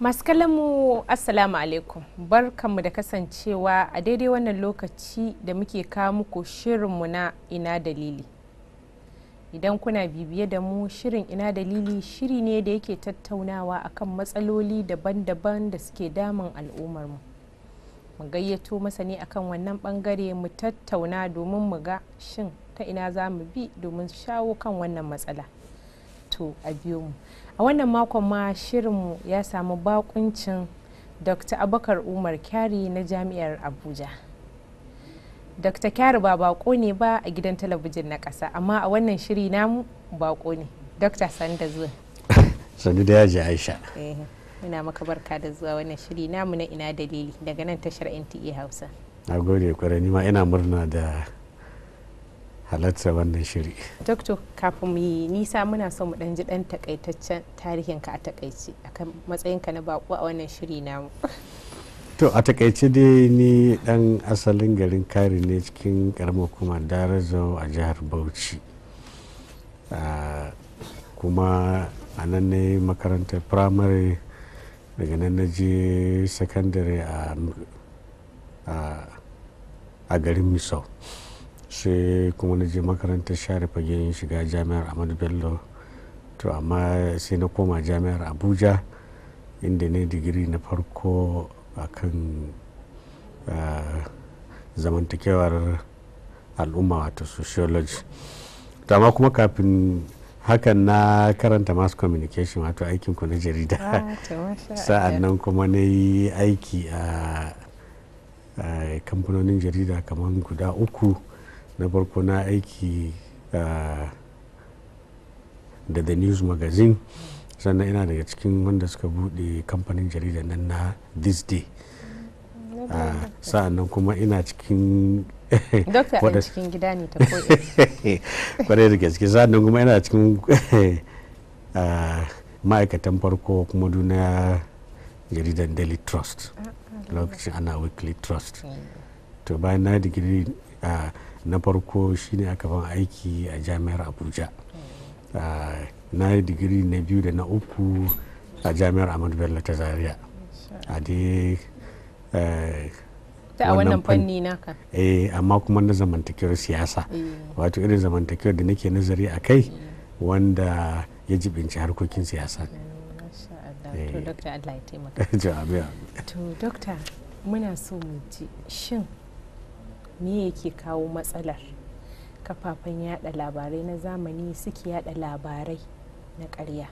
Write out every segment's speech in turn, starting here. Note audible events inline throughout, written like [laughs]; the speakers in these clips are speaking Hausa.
masu mu assalamu alaikum barkanmu da kasancewa a daidai wannan lokaci da muke kawo muku shirinmu na ina dalili idan kuna bibiye da mu shirin ina dalili shiri ne da yake tattaunawa akan matsaloli daban-daban da suke damun al'ummarmu mu gayyato masani akan wannan bangare mu tattauna domin mu ga shin ta ina za mu bi domin shawo kan wannan matsala to a biyo mu a wannan makon ma shirinmu ya samu bakuncin dr abakar umar kyari na jami'ar abuja dr kyari ba bako ne ba a gidan talabijin na ƙasa amma a wannan shiri namu bako ne dr sanda zuwa [laughs] sanda da yaji aisha eh, muna maka barka da zuwa wannan shiri namu na ina dalili daga nan tashar nta hausa na gode kwarai ma ina murna da halarta wannan shiri. Dokto kafin mu yi nisa muna son mu dan ji dan takaitaccen tarihin ka a takaice akan matsayin ka na bako a wannan shiri namu. To a takaice dai ni dan asalin garin Kari ne cikin karamar kuma Darazo a jihar Bauchi. kuma a nan ne makarantar firamare daga nan na je sakandare a garin Misau. sai kuma na je makarantar share fagen shiga jami'ar ahmadu bello to amma sai na koma jami'ar abuja inda ne digiri na farko a kan zamantakewar al'umma wato sociology to amma kuma kafin hakan na karanta mass communication wato aikin ku na jarida ah, sa'an nan kuma na yi aiki a kamfanonin jarida kamar guda uku na farko na aiki da the news magazine sannan ina daga cikin wanda suka bude kamfanin jarida nan na this day sa'annan kuma ina cikin [laughs] dokta a cikin gida ne ta [laughs] kwarai da gaske sa'annan kuma ina cikin [laughs] ma'aikatan farko kuma duniya jaridan daily trust ah, ah, lokacin ana weekly trust to bayan na digiri a na farko shi ne aka ban aiki a jami'ar abuja mm. ah, na yi digiri na biyu da na uku a jami'ar ahmadu bello ta zaria a dai eh, wannan fanni naka eh amma kuma na zamantakewar siyasa mm. wato irin zamantakewar da nake nazari a kai mm. wanda ya jibinci harkokin siyasa to eh. dokta [laughs] muna so mu ji shin me yake kawo matsalar kafafen yada labarai na zamani suke yada labarai na karya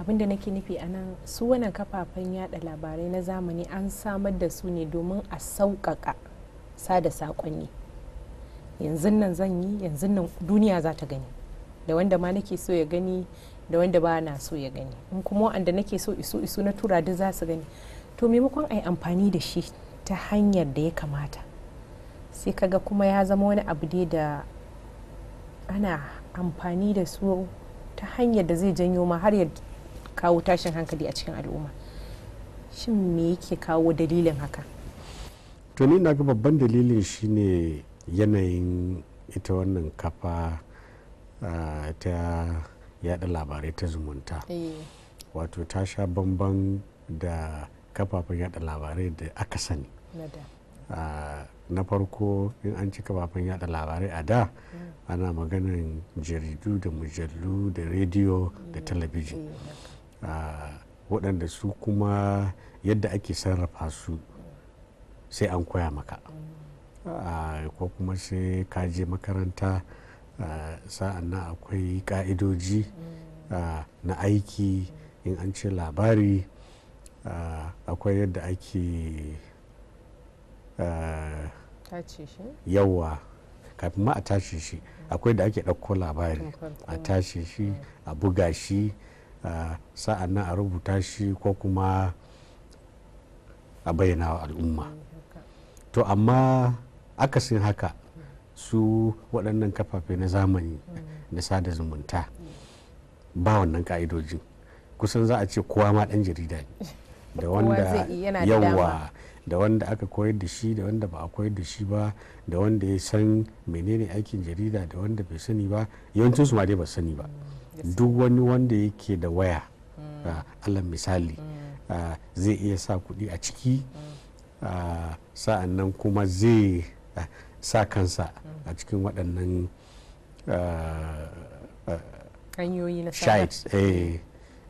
abinda nake nufi a nan su wannan kafafen yada labarai na zamani an samar da su ne domin a sauƙaƙa sada saƙonni yanzu nan zan yi yanzu nan duniya za ta gani da wanda ma nake so ya gani da wanda ba na so ya gani in kuma wanda nake so isu-isu na tura duk za su gani to maimakon a yi amfani da shi ta hanyar da ya kamata sai kaga kuma ya zama wani abu dai da ana amfani da su ta hanyar da zai janyo ma har ya kawo tashin hankali a cikin al'umma shin me yake kawo dalilin haka to ni na ga babban dalilin shine yanayin ita wannan kafa ta yada labarai ta zumunta eh. wato ta sha bamban da kafafen yada labarai da aka sani na farko in an ci kafafen yada labarai a da mm. ana maganin jaridu da mujallu da rediyo da mm. talabijin mm. Ah, waɗanda su kuma yadda ake sarrafa su sai an koya maka ah, ko kuma sai ka je makaranta ah, sa'an nan akwai ka'idoji na aiki in an ce labari akwai yadda ake Eh, yawa kafin ma a tashi shi akwai da ake ɗauko labari a tashi shi a buga shi sa'an nan a rubuta shi ko kuma a bayyana wa al'umma mm, to amma akasin haka su waɗannan kafafe na zamani mm. na sada zumunta mm. ba wannan ka'idojin kusan za a ce kowa ma ɗan jarida ne [laughs] da wanda yawa da wanda aka koyar da shi da wanda ba a koyar da shi ba da wanda ya san menene aikin jarida da wanda bai sani ba yawancin su ma dai ba sani ba duk wani wanda yake da waya allah mm. misali mm. ah, zai iya sa kuɗi a ciki mm. ah, sa'annan kuma zai ah, sa kansa a cikin waɗannan hanyoyi na eh,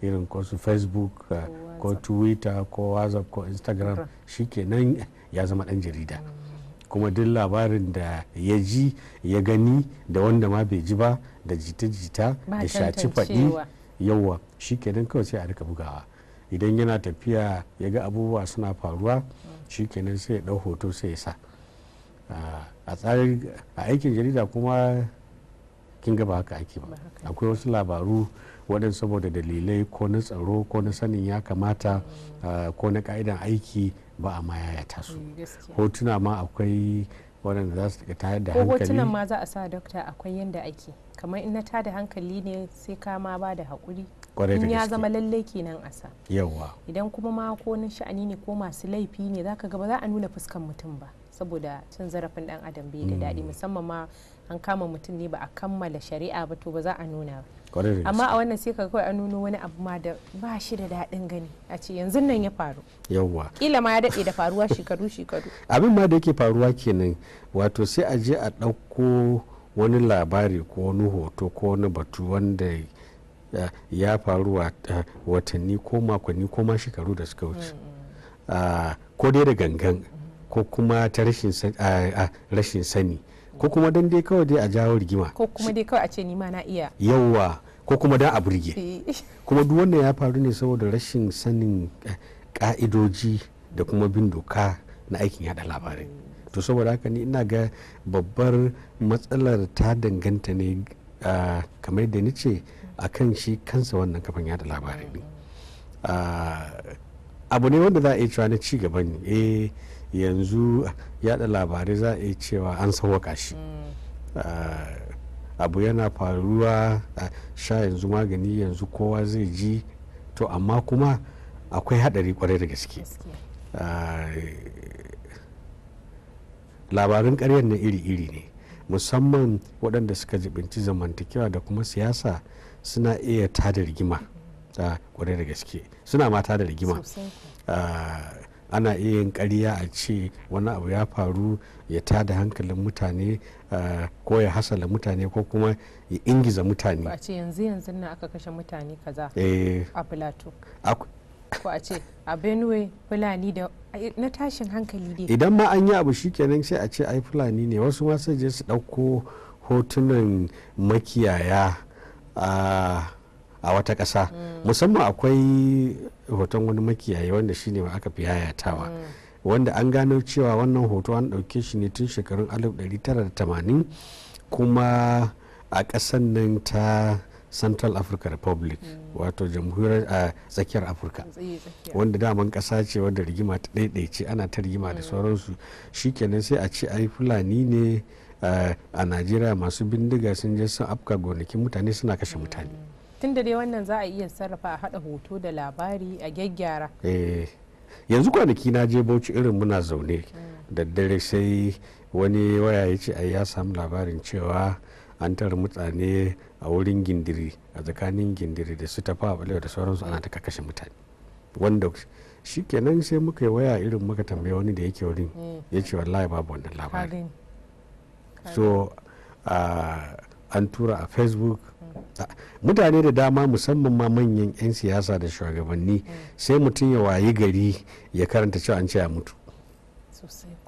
irin su facebook ko twitter ko whatsapp ko instagram shikenan ya zama dan jarida kuma duk labarin da ya ji ya gani da wanda ma bai ji ba da jita-jita da shaci faɗi yawa shikenan kawai sai a rika bugawa idan yana tafiya ya ga abubuwa suna faruwa shikenan sai ya ɗau hoto sai ya sa a a aikin jarida kuma kin ga ba haka ake ba akwai wasu labaru waɗanda saboda dalilai ko na tsaro ko na sanin ya kamata ko na ka'idan aiki ba a ma su mm, hotuna ma akwai waɗanda za su tayar da hankali ko hotunan ma za a sa dokta akwai yadda ake kamar in na tada hankali ne sai ka ma ba da haƙuri in ya zama lallai kenan a sa yawa idan kuma ma ko na sha'ani ne ko masu laifi ne zaka ga ba za a nuna fuskan mutum ba saboda cin zarafin dan adam bai da daɗi mm. musamman ma an kama mutum ne ba a kammala shari'a ba to ba za a nuna ba amma a wannan sai ka kawai a nuno wani abu ma da ba shi da daɗin gani a ce yanzu nan ya faru yawwa kila ma ya daɗe da faruwa shekaru shekaru [laughs] abin ma da yake faruwa kenan wato sai a je a ɗauko wani labari ko wani hoto ko wani batu wanda eh, ya faru eh, watanni ko makonni ko ma shekaru da suka wuce mm, mm. Ah, ko dai da gangan ko kuma ta rashin ah, ah, sani ko kuma dan dai kawai dai a jawo rigima ko kuma dai kawai a ce ni na iya yawwa ko kuma dan a burge eh. kuma duk wannan ya faru ne saboda rashin sanin eh, ka'idoji da kuma bin doka na aikin yada labarai to saboda haka ni ina ga babbar matsalar ta danganta ne kamar da ni ce a kan shi kansa wannan kafan yada labarai ne abu ne wanda za a iya cewa na ci gaba ne eh, yanzu yada labarai za a yi cewa an sauwaka shi mm. ah, abu yana faruwa sha yanzu magani yanzu kowa zai ji to amma kuma akwai hadari kwarai da gaske ah, labarin karyar na iri-iri ne musamman waɗanda suka jibinci zamantakewa da kuma siyasa suna iya tada rigima kwarai mm. ah, da gaske suna ma tada rigima ana iya yin ƙarya a ce wani abu ya faru ya tada hankalin mutane eh, ko ya hasala mutane ko kuma ya ingiza mutane ba a ce yanzu yanzu na aka kashe mutane kaza eh. a plateau ko a ce a benue fulani da na tashin hankali ne. idan ma an yi abu shikenan sai a ce ai fulani ne wasu ma sai je su ɗauko hotunan makiyaya a ah, a wata ƙasa mm. musamman akwai hoton wani makiyayi wanda shine ma aka fi yayatawa mm. wanda an gano cewa wannan hoto an ɗauke shi ne tun shekarun 1980 kuma a ƙasan nan ta central africa republic mm. wato jamhuriyar a tsakiyar afirka wanda daman ƙasa ce wadda rigima ta ɗaiɗaice ana ta rigima da sauransu shikenan sai a ce yi fulani ne a najeriya masu bindiga sun je sun afka gonakin mutane suna kashe mutane tun da dai wannan za a iya sarrafa a haɗa hoto da labari a gyaggyara eh, yanzu kwanaki na je bauchi irin muna zaune hmm. da dare sai wani waya ya ce ya samu labarin cewa an tara mutane a wurin gindiri a tsakanin gindiri da su tafa a da sauransu ana ta kakashe mutane wanda shi kenan sai muka yi waya irin muka tambaye wani da yake wurin hmm. ya ce wallahi babu wannan labari so ah, an tura a facebook Ah, mutane da dama musamman ma manyan 'yan siyasa da shugabanni mm. sai mutum ya wayi gari ya karanta cewa an ce ya mutu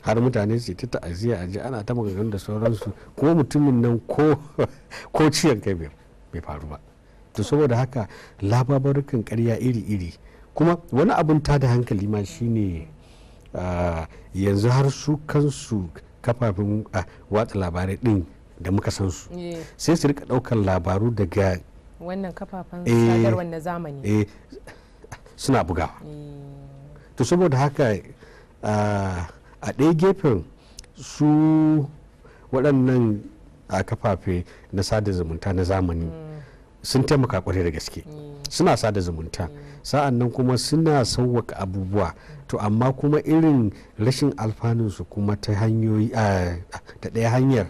har mutane su ta ta'aziyya a ji ana ta maganganu da sauransu ko mutumin nan ko [laughs] ciyan kai bai faru ba to saboda haka lababarukan karya iri-iri kuma wani abin ta da hankali ma shine ah, yanzu har su kansu kafafin ah, watsa labarai din da muka san su eh. sai su rika daukan labaru daga wannan kafafen eh. sadarwar na zamani eh. suna bugawa to saboda haka a ɗaya gefen su waɗannan kafafe na sada zumunta na zamani mm. sun taimaka kwarai da gaske mm. suna sada zumunta mm. sa'an nan kuma suna sauwaka abubuwa to amma kuma irin rashin alfanunsu kuma ta hanyoyi ta ɗaya hanyar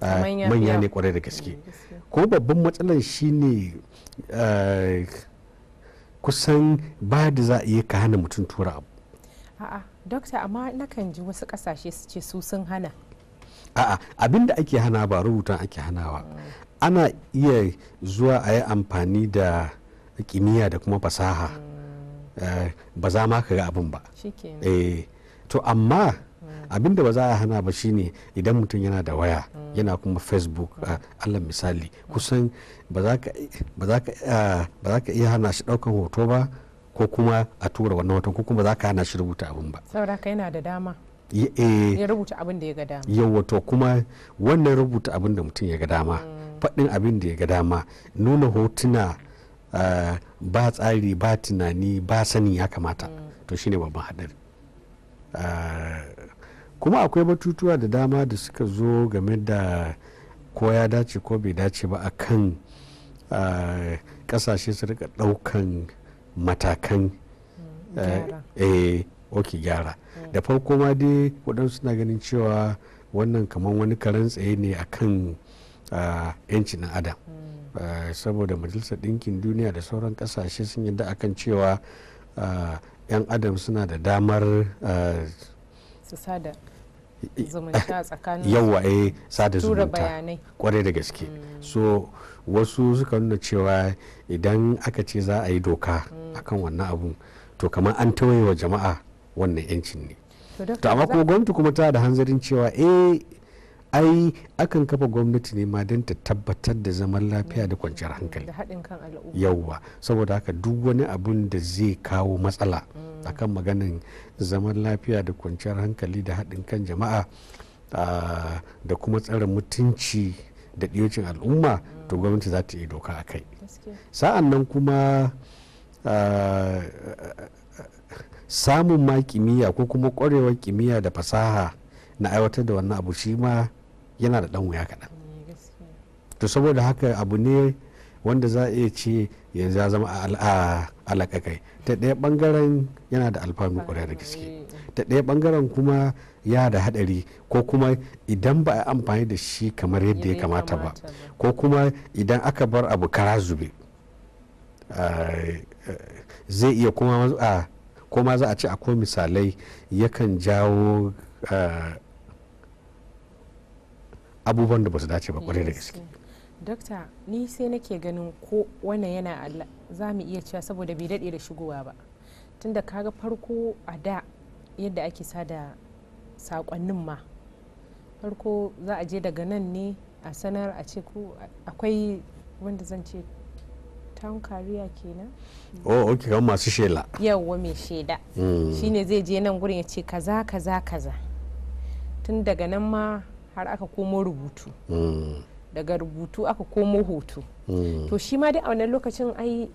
manya ne kwarai da gaske eh, ko babban matsalar shine eh, kusan ba da za a iya ka hana mutum tura abu a'a dokta amma nakan ji wasu kasashe su ce su sun hana a'a abinda ake hana ba rubutan ake hanawa ana iya zuwa a yi amfani da kimiyya da kuma fasaha hmm. eh, ba za ma ka ga abin ba to amma abin da ba za a hana ba shine idan mutum yana da waya yana kuma facebook allah misali kusan ba za ka iya hana shi daukan hoto ba ko kuma a tura wannan hoton ko kuma za ka hana shi rubuta abin ba saboda yana da dama eh. ya rubuta abin da ya ga dama yawa to kuma wannan rubuta abin da mutum ya ga dama mm. faɗin abin da ya ga dama nuna hotuna ba tsari ba tunani ba sani ya kamata mm. to shine babban haɗari Ah, kuma akwai batutuwa da dama da suka zo game da ko ya dace ko bai dace ba a kan kasashe ah, su rika daukan matakan oke mm, eh, gyara eh, mm. da farko ma dai waɗansu na ganin cewa wannan kamar wani karen tsaye ne akan ah, yancin adam mm. eh, saboda majalisar ɗinkin duniya da sauran kasashe sun yadda akan cewa 'yan adam suna da damar eh, su sada zumunta eh, sada zumunta kwarai da gaske mm. so wasu suka nuna cewa idan aka ce za a yi doka mm. akan wannan abun to kamar an tawaye wa jama'a wannan yancin ne to amma kuma gwamnati kuma ta da hanzarin cewa eh ai akan kafa gwamnati ne ma don ta tabbatar da zaman lafiya da kwanciyar hankali yauwa saboda haka duk wani abun da zai kawo matsala mm. akan maganin zaman lafiya da kwanciyar hankali da haɗin kan jama'a ah, da kuma tsare mutunci da ɗiyocin al'umma to mm. gwamnati za ta yi doka a kai sa'an nan kuma ah, samun ma kimiyya ko kuma ƙwarewar kimiyya da fasaha na aiwatar da wannan abu shi ma yana da dan wuya kaɗan eh, to saboda haka abu ne wanda za a iya ce yanzu ya zama alaƙaƙai ta ɗaya ɓangaren yana da alfanu ƙwarai da gaske eh. ta ɗaya ɓangaren kuma ya da haɗari ko kuma idan ba a amfani da shi kamar yadda ya kamata ba ko kuma idan aka bar abu kara zube zai iya kuma a za a ce akwai misalai yakan jawo abubuwan da ba su dace ba kwarai da gaske dokta ni sai nake ganin ko wannan yana za mu iya cewa saboda bai daɗe da shigowa ba tunda kaga farko a da yadda ake sada sakonnin ma farko za a je daga nan ne a sanar a ce ko akwai wanda zan ce town kariya kenan oh ok kan oh, masu shela yawwa mai sheda mm. shine zai je nan gurin ya ce kaza kaza kaza tun daga nan ma har aka komo rubutu mm. daga rubutu aka komo hoto mm. to shi ma dai a wannan lokacin ai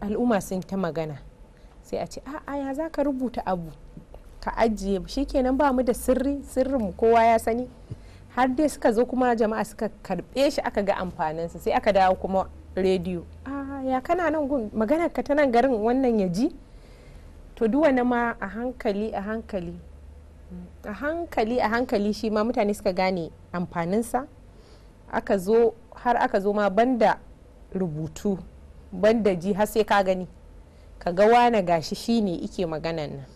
al'umma sun ta magana sai a ce a'a ya za ka rubuta abu ka ajiye shikenan ba mu da sirri sirrin kowa ya sani har dai suka zo kuma jama'a suka karbe shi aka ga amfaninsa sai aka dawo kuma rediyo a ya kana nan gun maganar ka ta nan garin wannan ya ji to duwa na ma a hankali a hankali a hankali a hankali shi ma mutane suka gane amfaninsa aka zo har aka zo ma banda rubutu banda ji har sai ka gani ka ga wane gashi shine ike maganan nan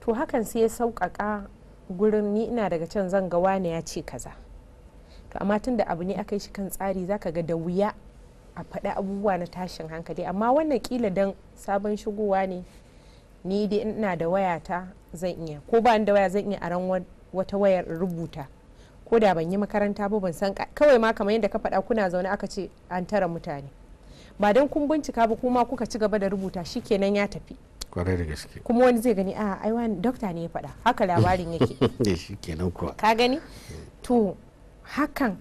to hakan sai ya sauƙaƙa gurin ni ina daga can zan ga wane ya ce kaza to amma tun da abu ne aka yi shi kan tsari za ka ga da wuya a faɗi abubuwa na tashin hankali amma wannan kila don sabon shigowa ne ni dai ina da wayata zan iya ko ba da waya zan iya aran wata wayar rubuta ko da ban yi makaranta ba ban san kawai ma kamar yadda ka faɗa kuna zaune aka ce an tara mutane ba don kun bincika ba kuma kuka ci gaba da rubuta shi kenan ya tafi kwarai da gaske kuma wani zai gani a ai wani dokta ne ya faɗa haka labarin yake [laughs] eh, shi kenan kuwa ka gani to hakan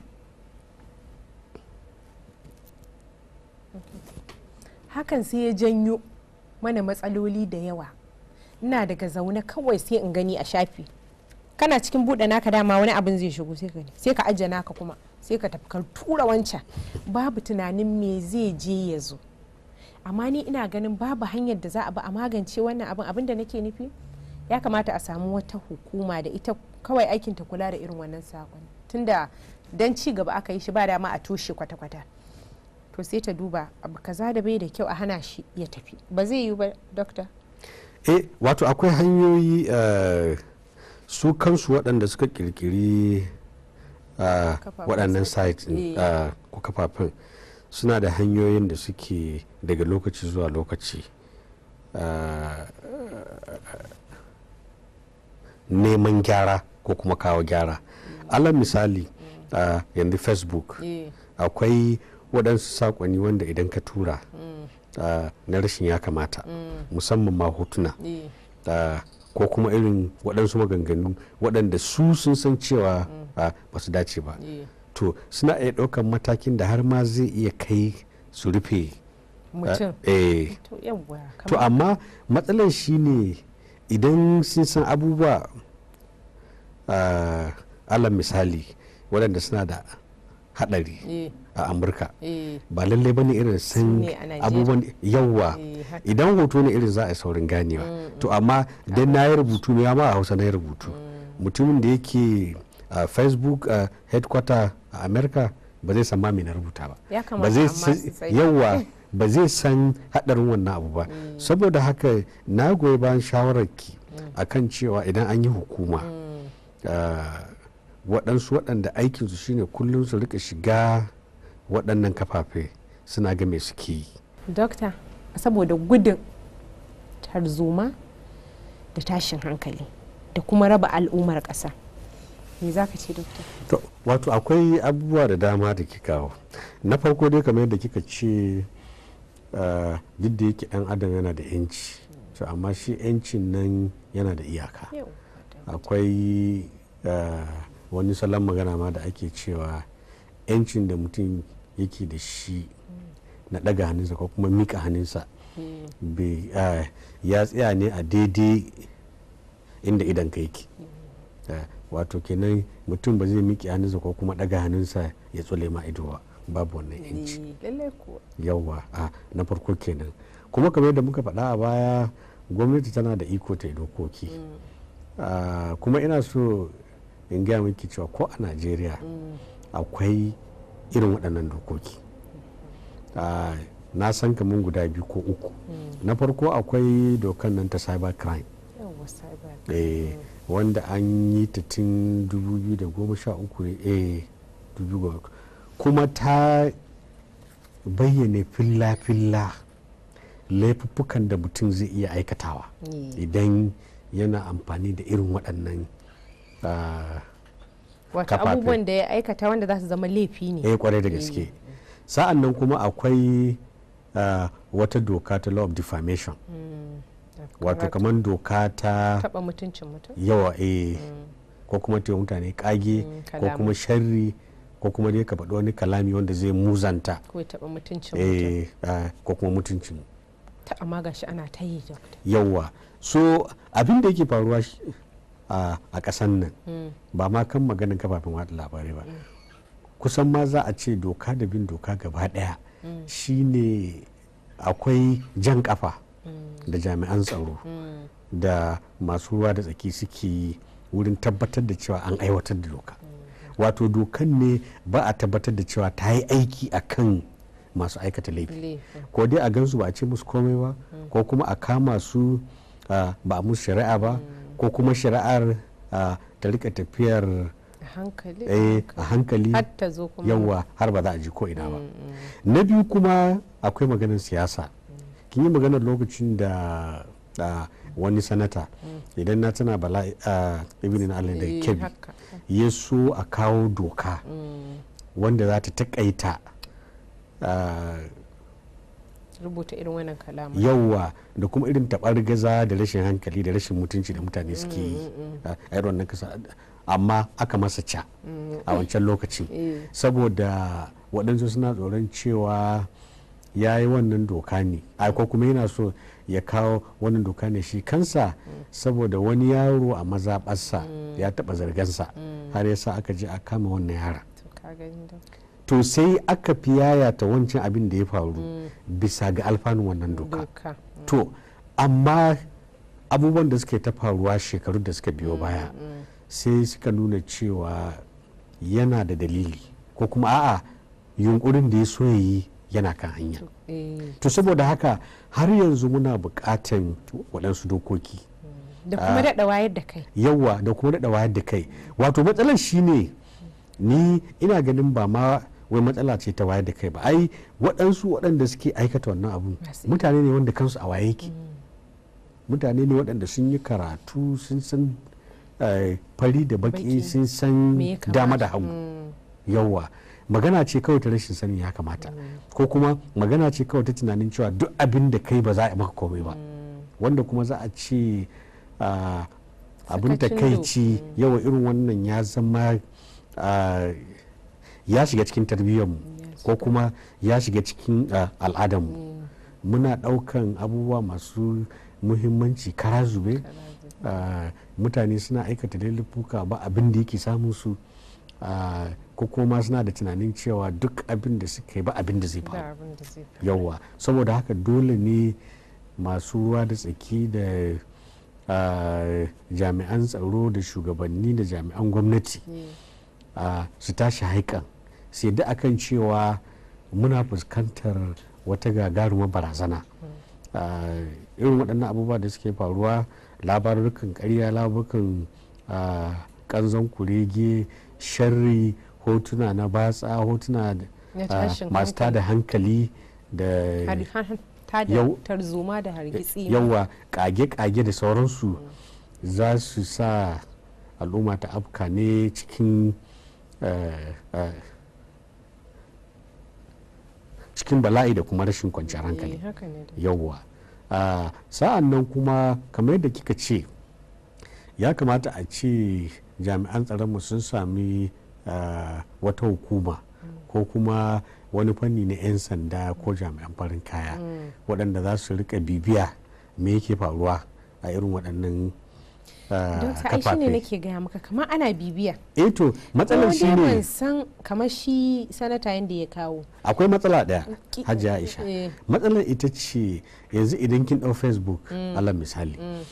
hakan sai ya janyo mana matsaloli da yawa ina daga zaune kawai sai in gani a shafi kana cikin buɗe naka dama wani abin zai shigo sai ka sai ka ajiye naka kuma sai ka tafi tura wancan babu tunanin me zai je ya zo amma ni ina ganin babu hanyar da za a bi a magance wannan abin abin da nake nufi ya kamata a samu wata hukuma da ita kawai aikin ta kula da irin wannan sakon tunda dan ci gaba aka yi shi ba dama a toshe kwata-kwata to sai ta duba abu kaza da bai da kyau a hana shi ya tafi ba zai yi ba dokta e wato akwai hanyoyi eh, su kansu waɗanda suka kirkiri ah, waɗannan site eh. ah, ko kafafen suna da hanyoyin da suke daga lokaci zuwa lokaci ah, neman gyara ko kuma kawo gyara mm. alal misali mm. yanzu facebook akwai waɗansu saƙonni wanda idan ka tura mm. na rashin ya kamata musamman ma hotuna ko kuma irin waɗansu maganganu waɗanda su sun san cewa ba su dace ba to suna iya ɗaukar matakin da har ma zai iya kai su rufe eh. to amma matsalar shine idan sun san abubuwa alal misali waɗanda suna da haɗari a amurka eh. ba lallai bane irin sun abubuwan yawwa eh, idan hoto ne irin za a saurin ganewa mm, mm. to amma dan na yi rubutu ne ma a hausa na yi rubutu mm. mutumin da yake a facebook a headquarter a america ba zai san ma rubuta ba ba zai yawwa [laughs] ba zai san hadarin wannan abu ba saboda haka na goyi bayan shawararki kan cewa idan an yi hukuma waɗansu waɗanda aikinsu shine kullum su rika shiga waɗannan kafafe suna game me suke yi dokta saboda gudun tarzoma da tashin hankali da kuma raba al'ummar ƙasa me za ka ce dokta to wato akwai abubuwa da dama da ke kawo na farko dai kamar yadda kika ce duk da yake ɗan adam yana da 'yanci to amma shi 'yancin nan yana da iyaka akwai wani salon magana ma da ake cewa 'yancin da mutum yake da shi na daga hannunsa ko kuma mika hannunsa eh, ya tsaya ne a daidai inda idan ka yake eh, wato kenan mutum ba zai miƙe hannunsa ko kuma daga hannunsa ya tsule ma ido babu wannan yanci yawa eh, a na farko kenan kuma kamar yadda muka faɗa a baya gwamnati tana da iko ta dokoki mm. kuma ina so in gaya miki cewa ko a najeriya mm. akwai irin waɗannan dokoki na san kamun guda biyu ko uku na farko akwai dokan nan ta cyber crime eh, wanda an yi ta tun 2013 eh, kuma ta bayyana filla-filla laifuffukan da mutum zai iya aikatawa idan yana amfani da irin waɗannan ah, wata abubuwan da ya aikata wanda za su zama laifi ne eh kwarai da eh. gaske sa'an nan kuma akwai ah, wata doka ta law of defamation hmm, wato kamar doka ta taba mutuncin mutum yawa eh hmm. ko kuma ta mutane kage hmm, ko kuma sharri ko kuma dai ka faɗi wani kalami wanda zai muzanta ko taɓa mutuncin eh ah, ko kuma mutuncin ta amma gashi ana ta yi yawa so abin da yake faruwa a kasan nan ba ma kan maganin kafafen watsa labarai ba kusan ma za a ce doka da bin doka gaba daya shine akwai jan kafa da jami'an tsaro da masu ruwa da tsaki suke wurin tabbatar da cewa an aiwatar da doka wato dokan ne ba a tabbatar da cewa ta yi aiki a kan masu aikata laifi ko dai a gansu ba a ce musu komai ba ko kuma a kama su ba a musu shari'a ba ko kuma shari'ar ta rika tafiyar a hankali eh, yawa har ba za a ji ko ina ba mm, mm. na biyu kuma akwai maganar siyasa mm. kin yi maganar lokacin da wani sanata idan na tana bala ibinin allen da eh, kebi ya so a kawo doka wanda za ta takaita rubuta irin wannan yawwa da kuma irin tabar gaza da rashin hankali da rashin mutunci da mutane suke yi mm, mm, mm. a irin wannan kasa amma aka masa ca a wancan lokaci [laughs] eh. saboda waɗansu suna tsoron cewa ya yi wannan doka ne ko kuma yana so ya kawo wannan doka ne shi kansa saboda wani yaro a mazaɓarsa ya taɓa zargansa har yasa aka je a kama wannan yara to sai aka fi yayata wancan abin da ya faru bisa ga alfanun wannan doka to amma abubuwan da suka ta faruwa shekaru da suka biyo baya mm, mm. sai suka nuna cewa yana da dalili ko kuma a'a yunkurin da ya so yi yana kan hanya eh. to saboda haka har yanzu muna bukatan waɗansu dokoki da kuma ah. daɗa wayar da kai yawa da kuma daɗa wayar da kai wato matsalar shine ni ina ganin ba ma wai matsala ce ta waye da kai ba ai waɗansu waɗanda suke aikata wannan abun mutane ne wanda kansu a waye ke mm. mutane ne waɗanda sun yi karatu sun san eh, fari da baki sun san dama da hagu mm. yawa magana ce kawai ta rashin sanin ya kamata mm. ko kuma magana ce kawai ta tunanin cewa duk abin da kai ba za a maka komai ba wanda kuma za a ce ah, abin takaici yawa irin wannan ya zama ah, ya shiga cikin mu ko kuma ya shiga cikin ah, mu mm. muna daukan abubuwa masu muhimmanci kara zube ah, mutane suna aikata laifuka ba abin da yake samun su ah, ko kuma suna da tunanin cewa duk abin da suka yi ba abin da zai faru yauwa saboda haka dole ne masu ruwa da tsaki da jami'an tsaro da shugabanni da jami'an gwamnati su tashi haikan sai da akan cewa muna fuskantar wata gagaruma barazana hmm. ah, irin waɗannan abubuwa da suke faruwa labarurkan karya labarukan kanzon ah, kurege sharri hotuna na batsa hotuna ah, masu tada hankali da tarzoma da hargitsi yawa kage-kage da sauransu hmm. za su sa al'umma ta afka ne cikin eh, eh, cikin bala'i da kuma rashin kwanciyar eh, hankali yawwa ah, sa'an nan kuma kamar yadda kika ce ya kamata a ce jami'an mu sun sami ah, wata hukuma mm. ko kuma wani fanni na 'yan sanda ko jami'an farin kaya mm. waɗanda za su rika bibiya me yake faruwa a irin waɗannan Ah, kafafe. Dokta ne nake gaya maka kamar ana bibiya. Eh to matsalar shi ne. ban san kamar shi sanata yadda ya kawo. Akwai matsala daya Hajji Aisha. Eh. Matsalar ita ce yanzu idan kin ɗau Facebook mm. alal misali. Mm.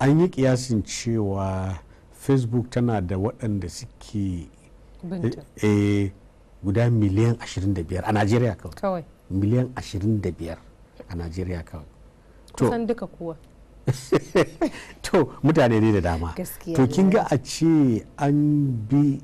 An yi kiyasin cewa Facebook tana da waɗanda suke eh, eh, guda miliyan 25 a Najeriya kawai. Miliyan 25 a Najeriya kawai. Kusan duka kuwa. [laughs] to mutane ne da dama to kin ga a ce an bi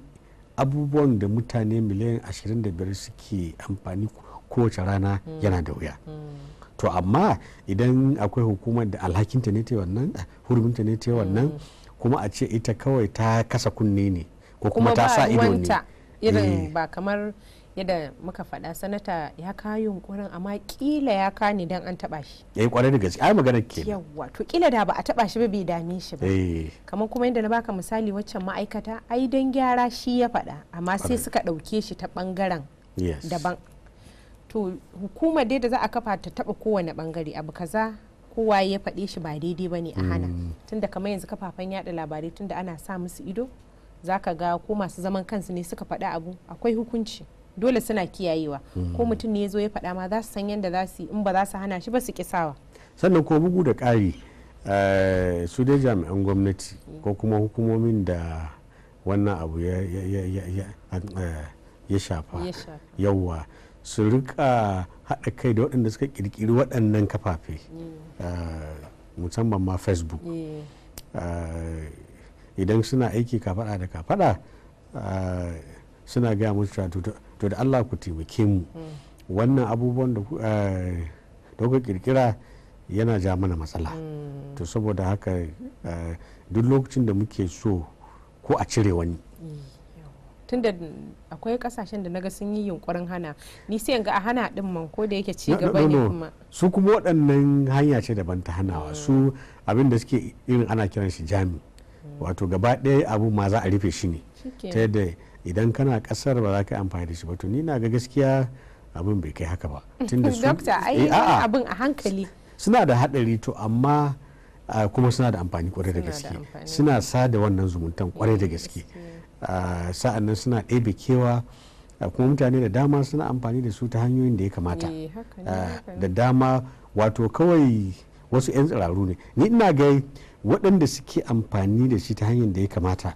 abubuwan da mutane miliyan 25 suke amfani kowace rana hmm. yana da wuya hmm. to amma idan akwai hukumar da alhakinta ne ta wannan huruminta ne ta wannan hmm. kuma a ce ita kawai ta kasa kunne ne ko kuma ta sa ido ne irin eh. ba kamar yadda muka faɗa sanata ya kawo yunkurin amma kila ya ne don an taba shi yayi kwarai da gaske ai magana ke yawa to kila da ba a taba shi ba bai dame shi ba eh. kamar kuma yadda na baka misali waccan ma'aikata ai don gyara shi ya faɗa amma sai suka ɗauke shi ta bangaren daban to hukumar dai da za a kafa ta taba kowane bangare abu kaza kowa ya faɗe shi ba daidai ba ne a hana mm. tunda kamar yanzu kafafen yada labarai tunda ana sa musu ido zaka ga ko masu zaman kansu ne suka faɗa abu akwai hukunci dole suna kiyayewa ko hmm. mutum ne ya zo ya faɗa ma za su san yadda za su in ba za su hana shi ba su kisawa sannan ko bugu da ƙari eh, su dai jami'an gwamnati ko kuma hukumomin da wannan abu ya eh, shafa yauwa su rika haɗa kai da waɗanda suka ƙirƙiri waɗannan kafafe hmm. eh, musamman ma facebook idan suna aiki kafaɗa da kafaɗa suna gaya musu to da allah ku taimake mu wannan abubuwan da eh, kuka kirkira yana ja mana matsala mm. to saboda haka eh, duk lokacin da muke so ko a cire wani tunda akwai kasashen da naga sun yi yunkurin hana ni sai ga a hana din man ko da yake ci ne kuma su kuma waɗannan hanya ce daban ta hanawa mm. su abin da suke irin ana kiran shi jami mm. wato gaba ɗaya abu ma za a rufe shi ne ta yadda idan kana kasar ba za ka amfani da shi ba to ni na ga gaskiya abin bai kai haka ba tunda su eh, abin a hankali suna da hadari to amma kuma suna da amfani kwarai da gaske suna sada wannan zumuntan kwarai da gaske sa'an nan suna ɗebe kewa kuma mutane da dama suna amfani da su ta hanyoyin da ya kamata eh, da dama wato kawai wasu 'yan tsiraru ne ni ina ga waɗanda suke amfani da shi ta hanyar da ya kamata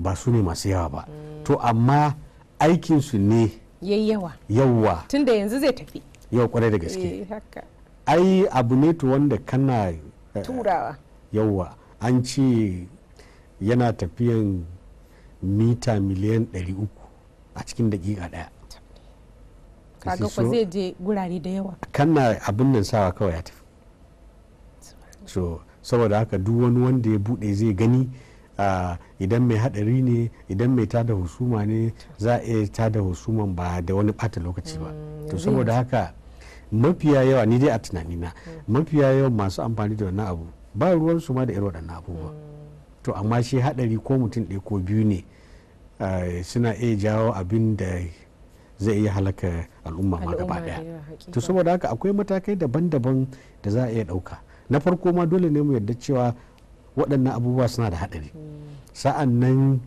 ba su ne masu yawa ba to amma aikinsu ne yawa yawa tun da yanzu zai tafi yau kwarai da gaske eh, ai abu ne to wanda kana eh, turawa yawa an ce yana tafiyan mita miliyan 300 a cikin daƙiƙa ɗaya kaga ko zai je gurare da yawa kana abin nan sawa kawai ya tafi so saboda haka duk wani wanda ya buɗe zai gani idan mai hadari ne idan mai tada husuma ne za a iya tada husuman ba da wani bata lokaci ba mm, to saboda haka mafiya yawa ni dai a tunani na mm. mafiya yawan masu amfani da wannan abu ba ruwansu ma da irin waɗannan abubuwa mm. to amma shi hadari ko mutum ɗaya ko biyu ne suna iya jawo abin da zai iya halaka al'umma ma gaba daya to saboda haka akwai matakai daban-daban da za a iya ɗauka na farko ma dole ne mu yarda cewa waɗannan abubuwa suna da haɗari sa'an nan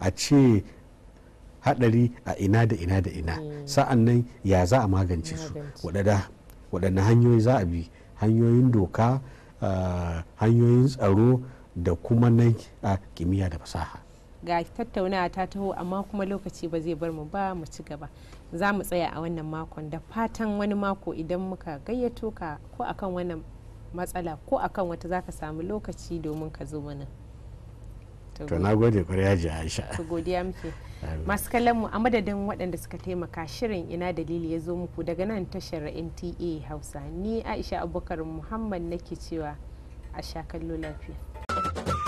a ce haɗari a ina da ina da ina mm. sa'an nan ya za a magance su waɗanne hanyoyi za a bi hanyoyin doka hanyoyin tsaro da kuma na kimiyya da fasaha ga tattaunawa ta taho amma kuma lokaci ba zai bar mu ba mu ci gaba za mu tsaya a wannan makon da fatan wani mako idan muka gayyato ka ko akan wannan matsala ko akan wata za ka samu lokaci domin ka zo mana to na gode kwarai ji aisha to godiya muke masu kallon mu a madadin waɗanda suka taimaka shirin ina dalili ya zo muku daga nan tashar nta hausa ni aisha abubakar muhammad nake cewa a sha kallo lafiya